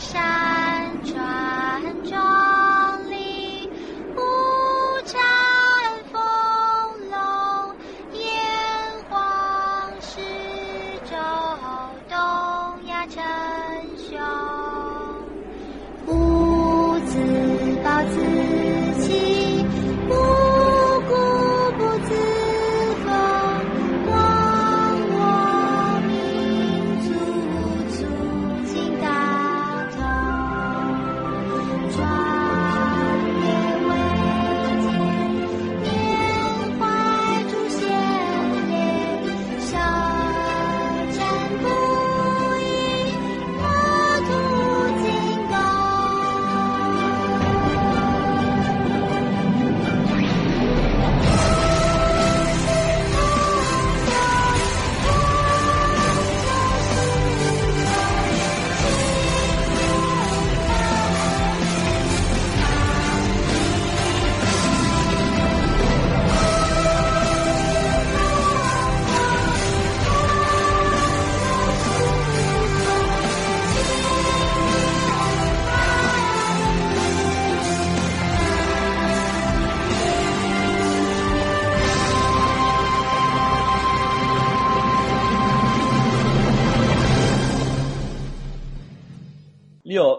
沙。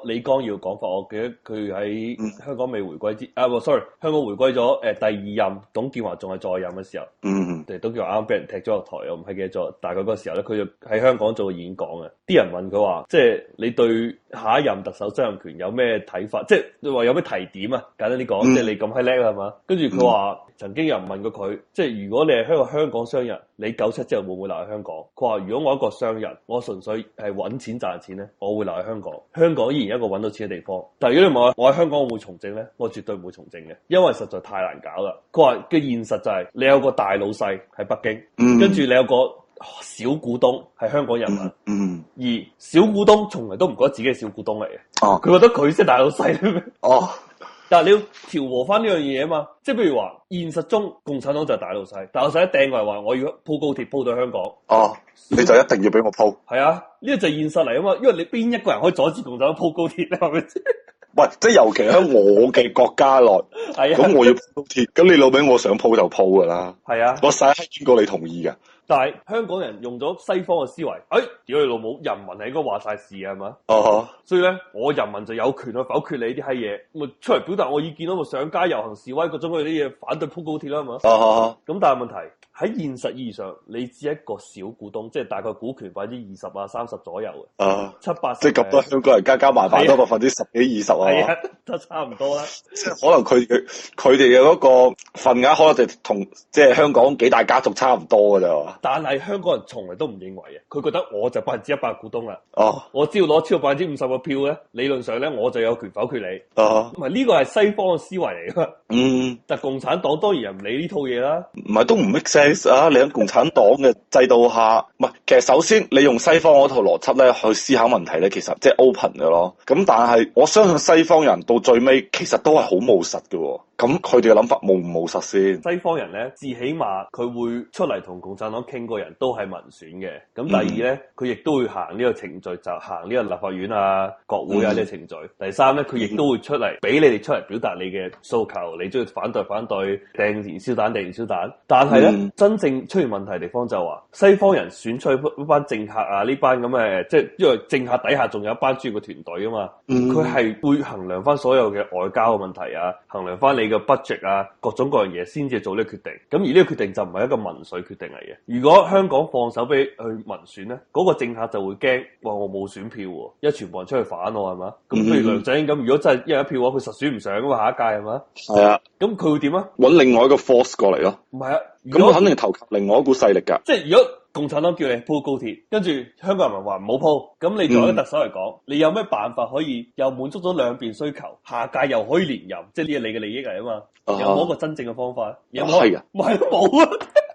李光耀嘅講法，我記得佢喺香港未回歸之，啊、哦、sorry，香港回歸咗，誒、呃，第二任董建華仲係在任嘅時候，誒、嗯哼，董建華啱啱俾人踢咗落台，我唔係記得咗，但係佢嗰時候咧，佢就喺香港做演講嘅啲人問佢話，即係你對。下一任特首曾蔭權有咩睇法？即係你話有咩提點啊？簡單啲講，即係、嗯、你咁係叻係嘛？跟住佢話曾經有人問過佢，即、就、係、是、如果你係香港香港商人，你九七之後會唔會留喺香港？佢話如果我一個商人，我純粹係揾錢賺錢咧，我會留喺香港。香港依然一個揾到錢嘅地方。但係如果你問我，我喺香港我會從政咧，我絕對唔會從政嘅，因為實在太難搞啦。佢話嘅現實就係、是、你有個大老細喺北京，嗯、跟住你有個小股東係香港人民，嗯嗯、而小股東從來都唔覺得自己係小股東嚟嘅，佢覺得佢先大老細。哦，但係 你要調和翻呢樣嘢啊嘛，即係譬如話現實中共產黨就係大老細，大老細一掟過嚟話我要鋪高鐵鋪到香港，哦，你就一定要俾我鋪。係啊，呢個就現實嚟啊嘛，因為你邊一個人可以阻止共產黨鋪高鐵啊？係咪？喂，即係尤其喺我嘅國家內，咁我要鋪高鐵，咁你老餅我想鋪就鋪噶啦，係啊，我使閪經過你同意噶。但係香港人用咗西方嘅思維，誒、哎、屌你老母！人民係應該話曬事啊，係嘛？哦、uh，huh. 所以呢，我人民就有權去否決你啲閪嘢，咪出嚟表達我意見咯，咪上街遊行示威嗰種嗰啲嘢，反對鋪高鐵啦，係嘛？哦、uh，咁、huh. 但係問題。喺現實意義上，你只一個小股東，即係大概股權百分之二十啊、三十左右嘅，啊，uh, 七八，即係咁多香港人加加埋埋都百分之十幾二十啊，啊 都差唔多啦。即可能佢佢哋嘅嗰個份額可能就同即係香港幾大家族差唔多㗎啫、啊。但係香港人從來都唔認為嘅，佢覺得我就百分之一百股東啦。哦，uh, 我只要攞超過百分之五十嘅票咧，理論上咧我就有權否決你。啊，唔係呢個係西方嘅思維嚟嘅。嗯，um, 但係共產黨當然又唔理呢套嘢啦。唔係都唔 make sense。人啊！你響共產黨嘅制度下，其實首先你用西方嗰套邏輯咧去思考問題咧，其實即係 open 嘅咯。咁但係我相信西方人到最尾其實都係好務實嘅喎。咁佢哋嘅諗法務唔務實先。西方人咧，至起碼佢會出嚟同共產黨傾嘅人都係民選嘅。咁第二咧，佢亦都會行呢個程序，就係、行呢個立法院啊、國會啊啲、嗯、程序。第三咧，佢亦都會出嚟俾、嗯、你哋出嚟表達你嘅訴求，你中意反對反對，掟燃燒彈定燃燒彈。但係咧，嗯、真正出現問題嘅地方就話西方人選出嚟。班政客啊，呢班咁嘅，即係因為政客底下仲有一班專業嘅團隊啊嘛，佢係、嗯、會衡量翻所有嘅外交嘅問題啊，衡量翻你嘅 budget 啊，各種各樣嘢先至做呢個決定。咁而呢個決定就唔係一個民粹決定嚟嘅。如果香港放手俾佢民選咧，嗰、那個政客就會驚，哇！我冇選票喎、啊，因為全部人出去反我係嘛。咁譬如梁振英咁，如果真係一人一票嘅話，佢實選唔上啊嘛，下一屆係嘛。係啊。咁佢會點啊？搵另外一個 force 過嚟咯。唔係啊。咁佢肯定投靠另外一股勢力噶。即係如果。共產黨叫你鋪高鐵，跟住香港人民話唔好鋪，咁你作為一個特首嚟講，嗯、你有咩辦法可以又滿足咗兩邊需求，下屆又可以連任，即係呢？你嘅利益嚟啊嘛哈，有冇一個真正嘅方法？有冇？係啊，唔係都冇啊。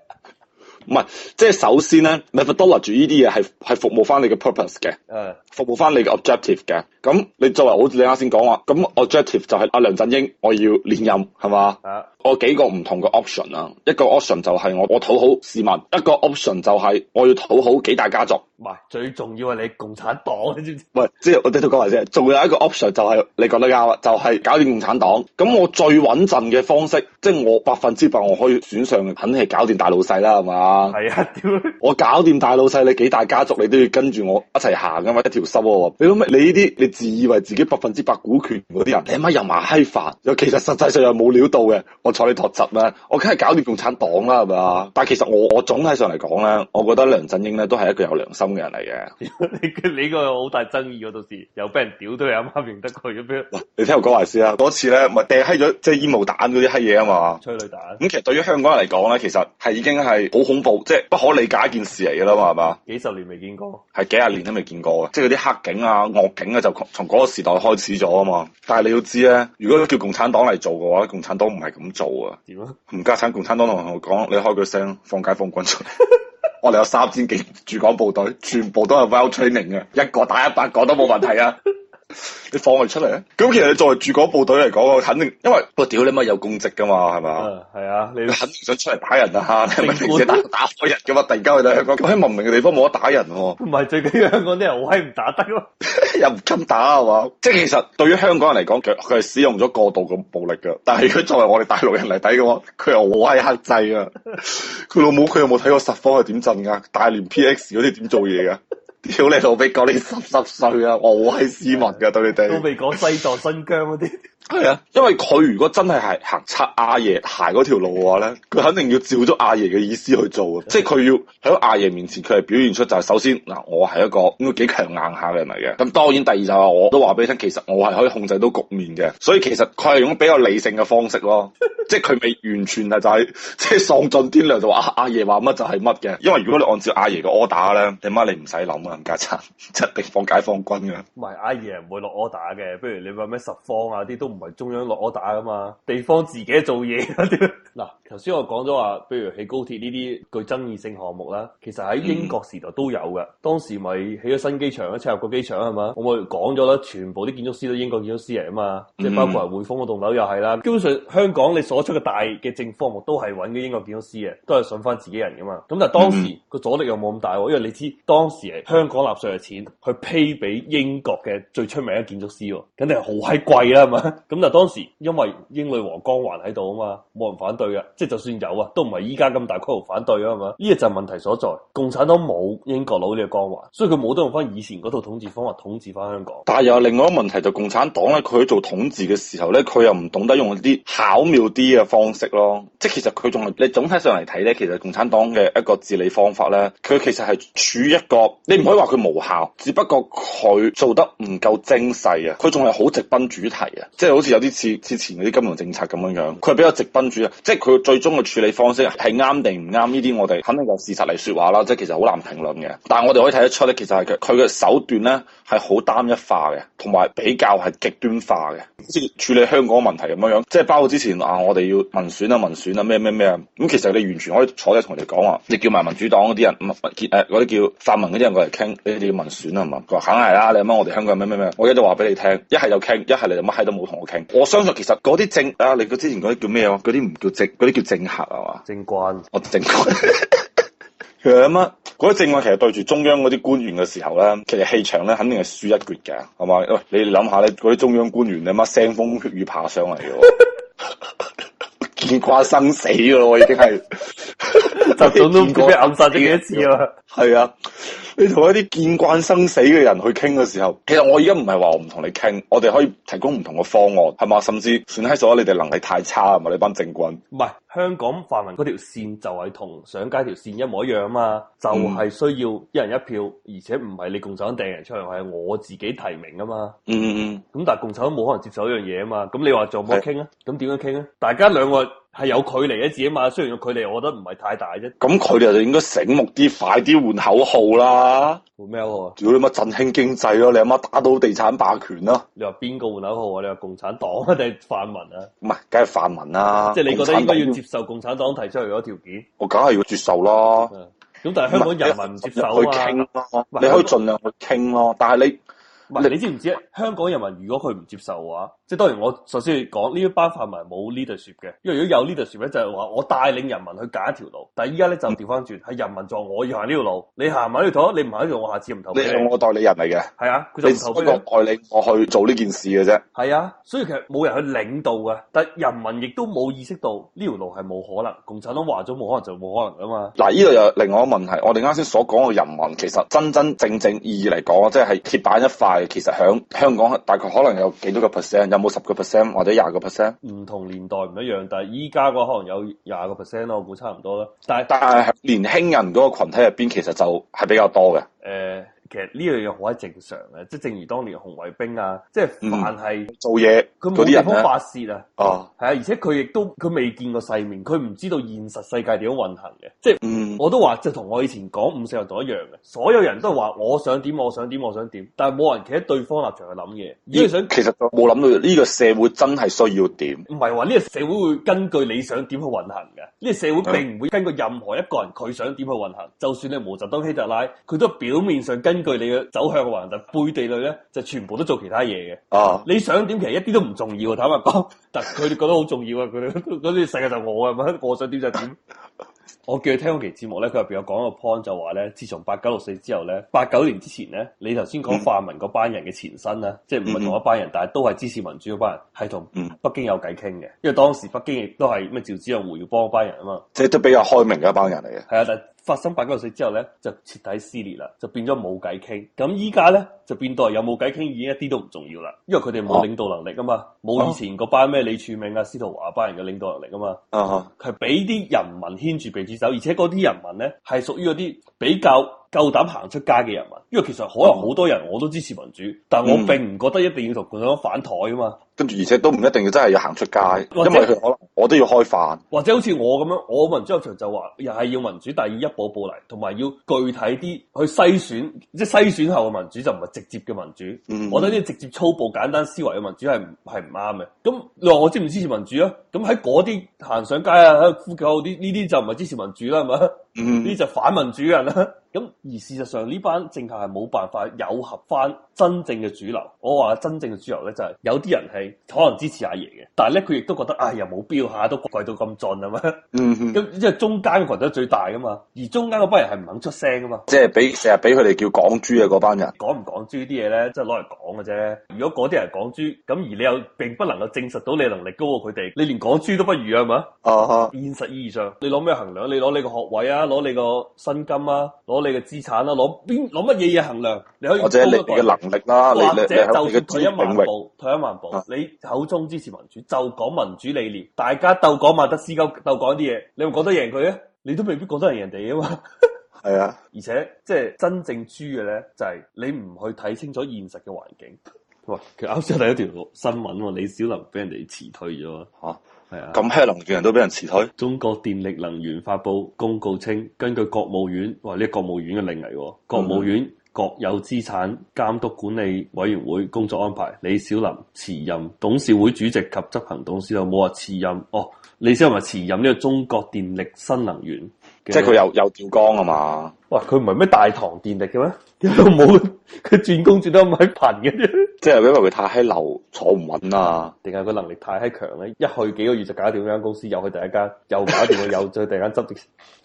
唔係，即係首先咧，你咪忽略住呢啲嘢係係服務翻你嘅 purpose 嘅，uh. 服務翻你嘅 objective 嘅。咁你作為好似你啱先講話，咁 objective 就係阿梁振英，我要連任係嘛？Uh. 我幾個唔同嘅 option 啊，一個 option 就係我我討好市民，一個 option 就係我要討好幾大家族。唔係，最重要係你共產黨，你知唔知？喂，即係我哋都講埋先，仲有一個 option 就係、是、你講得啱啦，就係、是、搞掂共產黨。咁我最穩陣嘅方式，即、就、係、是、我百分之百我可以選上，肯定係搞掂大老細啦，係嘛？係啊， 我搞掂大老細，你幾大家族你都要跟住我一齊行㗎嘛，一條心喎。你諗咩？你呢啲你自以為自己百分之百股權嗰啲人，你阿媽又麻閪煩，其實實際上又冇料到嘅。我坐你托閘啦，我梗係搞掂共產黨啦，係嘛？但係其實我我總體上嚟講咧，我覺得梁振英咧都係一個有良心。咁嘅人嚟嘅， 你你呢個好大爭議，到時又俾人屌都係阿媽認得佢咁樣。 你聽我講埋先啦，嗰次咧唔係掟閪咗，即係煙霧彈嗰啲閪嘢啊嘛，催淚彈。咁、嗯、其實對於香港人嚟講咧，其實係已經係好恐怖，即係不可理解一件事嚟嘅啦嘛，係嘛？幾十年未見過，係幾廿年都未見過嘅，即係嗰啲黑警啊、惡警啊，就從嗰個時代開始咗啊嘛。但係你要知咧，如果叫共產黨嚟做嘅話，共產黨唔係咁做啊。點啊？唔家產，共產黨同我講，你開個聲，放街放軍出嚟。 我哋有三千幾駐港部隊，全部都係 well training 嘅，一個打一百個都冇問題啊！ 你放佢出嚟咧？咁其實你作為駐港部隊嚟講，肯定，因為個屌你媽有功績噶嘛，係嘛？係啊，你，啊啊你肯定想出嚟打人啊？吓本，你唔係成日打打開人嘅嘛？突然間去到香港，咁喺文明嘅地方冇得打人，啊。唔係，最緊要香港啲人好閪唔打得咯， 又唔敢打啊嘛。即係其實對於香港人嚟講，佢佢係使用咗過度嘅暴力噶。但係佢作為我哋大陸人嚟睇嘅話，佢又好閪克制啊。佢 老母，佢有冇睇過實況係點鎮壓大連 PX 嗰啲點做嘢噶？ 屌你老味，講你濕濕碎啊，我好閪斯文㗎，對你哋，都未講西藏新疆嗰啲。 係啊，因為佢如果真係係行擦阿爺鞋嗰條路嘅話咧，佢肯定要照咗阿爺嘅意思去做，即係佢要喺阿爺面前，佢係表現出就係首先嗱，我係一個應該幾強硬下嘅人嚟嘅。咁當然第二就係我都話俾你聽，其實我係可以控制到局面嘅。所以其實佢係用比較理性嘅方式咯， 即係佢未完全係就係、是、即係喪盡天良就話阿爺話乜就係乜嘅。因為如果你按照阿爺嘅 order 咧，你媽你唔使諗啊，林家澤七放解放軍咁。唔係阿爺唔會落 order 嘅，不如你話咩十方啊啲都。唔係中央落 order 噶嘛，地方自己做嘢嗱。 頭先我講咗話，譬如起高鐵呢啲具爭議性項目啦，其實喺英國時代都有嘅。當時咪起咗新機場，赤鱲角機場係嘛？我哋講咗啦，全部啲建築師都英國建築師嚟啊嘛，即係包括匯豐嗰棟樓又係啦。基本上香港你所出嘅大嘅政府項目都係揾啲英國建築師嘅，都係信翻自己人噶嘛。咁但係當時個阻力又冇咁大喎，因為你知當時係香港納稅嘅錢去批俾英國嘅最出名嘅建築師喎，肯定係好閪貴啦係嘛？咁但係當時因為英女皇光環喺度啊嘛，冇人反對嘅。即係就算有啊，都唔係依家咁大規模反對啊嘛，係咪？呢個就係問題所在。共產黨冇英國佬呢個光環，所以佢冇得用翻以前嗰套統治方法統治翻香港。但係又有另外一個問題就共產黨咧，佢做統治嘅時候咧，佢又唔懂得用啲巧妙啲嘅方式咯。即係其實佢仲係你總體上嚟睇咧，其實共產黨嘅一個治理方法咧，佢其實係處一個你唔可以話佢無效，只不過佢做得唔夠精細啊。佢仲係好直奔主題啊，即係好似有啲似之前嗰啲金融政策咁樣樣，佢係比較直奔主題，即係佢。最終嘅處理方式係啱定唔啱？呢啲我哋肯定有事實嚟説話啦，即係其實好難評論嘅。但係我哋可以睇得出咧，其實係佢佢嘅手段咧係好單一化嘅，同埋比較係極端化嘅，即係處理香港問題咁樣樣，即係包括之前啊，我哋要民選啊、民選啊咩咩咩啊。咁其實你完全可以坐喺同人哋講話，你叫埋民主黨嗰啲人，結嗰啲叫泛民嗰啲人過嚟傾，你哋要民選啊，係嘛？佢話梗係啦，你諗我哋香港咩咩咩？我而家就話俾你聽，一係就傾，一係你就乜閪都冇同我傾。我相信其實嗰啲政啊，你之前嗰啲叫咩啊？嗰啲唔叫直。啲。叫政客啊嘛，關哦、關 政官，我政官。其實乜嗰啲政官，其實對住中央嗰啲官員嘅時候咧，其實氣場咧，肯定係輸一決嘅，係嘛？喂，你諗下咧，嗰啲中央官員，你乜腥風血雨爬上嚟嘅， 見慣生死咯，已經係習 總都唔知 暗殺咗幾多次啊，係 啊。你同一啲見慣生死嘅人去傾嘅時候，其實我而家唔係話我唔同你傾，我哋可以提供唔同嘅方案，係嘛？甚至算閪咗，你哋能力太差係嘛？你班政棍唔係香港泛民嗰條線就係同上街條線一模一樣啊嘛，就係、是、需要一人一票，而且唔係你共產黨掟人出嚟，係我自己提名啊嘛。嗯嗯嗯。咁但係共產黨冇可能接受一樣嘢啊嘛。咁你話做乜傾是啊？咁點樣傾啊？大家兩個。係有距離嘅自己嘛，雖然個距離，我覺得唔係太大啫。咁佢哋就應該醒目啲，快啲換口號啦。換咩口號？主你乜振興經濟咯、啊，你阿媽，媽打倒地產霸權咯、啊。你話邊個換口號啊？你話共產黨啊，定泛民啊？唔係，梗係泛民啦、啊。即係你覺得應該要接受共產黨提出嚟嗰條件？我梗係要接受啦。咁、嗯、但係香港人民唔接受啊嘛去傾咯，你可以盡量去傾咯、啊是啊，但係你。你知唔知香港人民如果佢唔接受嘅話，即係當然我首先講呢一班泛民冇呢 e a 嘅，因為如果有呢 e a d 咧，就係、是、話我帶領人民去揀一條路。但係依家咧就調翻轉，係人民撞我要行呢條路，你行唔喺呢度，你唔行喺度，我下次唔投。你，我代理人嚟嘅，係啊，佢就唔投。不代理我去做呢件事嘅啫。係啊，所以其實冇人去領導嘅，但係人民亦都冇意識到呢條路係冇可能。共產黨話咗冇可能就冇可能啊嘛。嗱，呢度又另外一個問題，我哋啱先所講嘅人民其實真真正正意義嚟講，即係鐵板一塊。係，其實響香港大概可能有幾多個 percent？有冇十個 percent 或者廿個 percent？唔同年代唔一樣。但係依家嘅可能有廿個 percent 咯、啊，我估差唔多啦。但係但係年輕人嗰個羣體入邊，其實就係比較多嘅。誒。欸其實呢樣嘢好係正常嘅、啊，即係正如當年紅衛兵啊，即係凡係、嗯、做嘢嗰啲人，發泄啊，係啊,啊，而且佢亦都佢未見過世面，佢唔知道現實世界點樣運行嘅，即係、嗯、我都話就同我以前講五四運動一樣嘅，所有人都話我想點我想點我想點，但係冇人企喺對方立場去諗嘢，呢個想其實就冇諗到呢、呢個社會真係需要點？唔係話呢個社會會,會根據你想點去運行嘅，呢、呢個社會並唔會根據任何一個人佢想點去運行，嗯、就算你毛澤東希特拉，佢都表面上跟。根據你嘅走向嘅話，但背地裏咧就全部都做其他嘢嘅。哦、啊，你想點其實一啲都唔重要，坦白講，但佢哋覺得好重要啊！佢哋嗰啲世界就我啊，我想點就點。 我叫佢聽嗰期節目咧，佢入邊有講一個 point 就話咧，自從八九六四之後咧，八九年之前咧，你頭先講泛民嗰班人嘅前身咧，嗯、即係唔係同一班人，但係都係支持民主嗰班人，係同北京有偈傾嘅，因為當時北京亦都係咩？趙紫陽、胡耀邦班人啊嘛，即係都比較開明嘅一班人嚟嘅。係啊、嗯，但。 發生八九水之後咧，就徹底撕裂啦，就變咗冇偈傾。咁依家咧就變到有冇偈傾已經一啲都唔重要啦，因為佢哋冇領導能力啊嘛，冇以前嗰班咩李柱銘啊、司徒華班人嘅領導能力啊嘛，啊哈、uh，係俾啲人民牽住鼻子走，而且嗰啲人民咧係屬於嗰啲比較夠膽行出街嘅人民，因為其實可能好多人我都支持民主，嗯、但我並唔覺得一定要同共產黨反台啊嘛。跟住而且都唔一定要真係要行出街，者因為佢可能我都要開飯。或者好似我咁樣，我民主立場就話又係要民主，但係一步步嚟，同埋要具體啲去篩選，即係篩選後嘅民主就唔係直接嘅民主。嗯嗯，我覺得呢啲直接粗暴簡單思維嘅民主係係唔啱嘅。咁你話我支唔支持民主啊？咁喺嗰啲行上街啊，呼救啲呢啲就唔係支持民主啦，係咪？呢、嗯、就反民主人啦，咁 而事實上呢班政客係冇辦法有合翻真正嘅主流。我話真正嘅主流咧，就係、是、有啲人係可能支持阿爺嘅，但係咧佢亦都覺得，唉、哎，又冇必要下都貴到咁盡啊嘛。 嗯哼」咁即係中間羣得最大噶嘛，而中間嗰班人係唔肯出聲噶嘛。即係俾成日俾佢哋叫港豬嘅嗰班人，港唔港豬啲嘢咧？即係攞嚟講嘅啫。如果嗰啲人港豬，咁而你又並不能夠證實到你能力高過佢哋，你連港豬都不如係嘛。啊？ 現實意義上，你攞咩衡量？你攞你個學位啊？攞你個薪金啊，攞你嘅資產啦、啊，攞邊攞乜嘢嘢衡量？你可以一個你你、啊、或者你嘅能力啦，或者就算退一萬步，退一萬步，啊、你口中支持民主，就講民主理念，大家鬥講萬德思鳩，鬥講啲嘢，你咪講得贏佢咧？你都未必講得贏人哋啊嘛。係 啊，而且即係、就是、真正豬嘅咧，就係、是、你唔去睇清楚現實嘅環境。佢喂，其實啱先睇一條新聞，李小林俾人哋辭退咗。啊係啊，咁低能嘅人都俾人辭退？中國電力能源發布公告稱，根據國務院，哇，呢個國務院嘅令嚟嘅，國務院、嗯、國有資產監督管理委員會工作安排，李小琳辭任董事會主席及執行董事，有冇話辭任？哦，李小琳係辭任呢個中國電力新能源。即係佢又又掉崗啊嘛！哇，佢唔係咩大唐電力嘅咩？點解冇佢轉工轉得咁閪頻嘅啫？即係因為佢太閪流坐唔穩啊，定係佢能力太閪強咧？一去幾個月就搞掂一間公司，又去第一間，又搞掂個，又去第二間執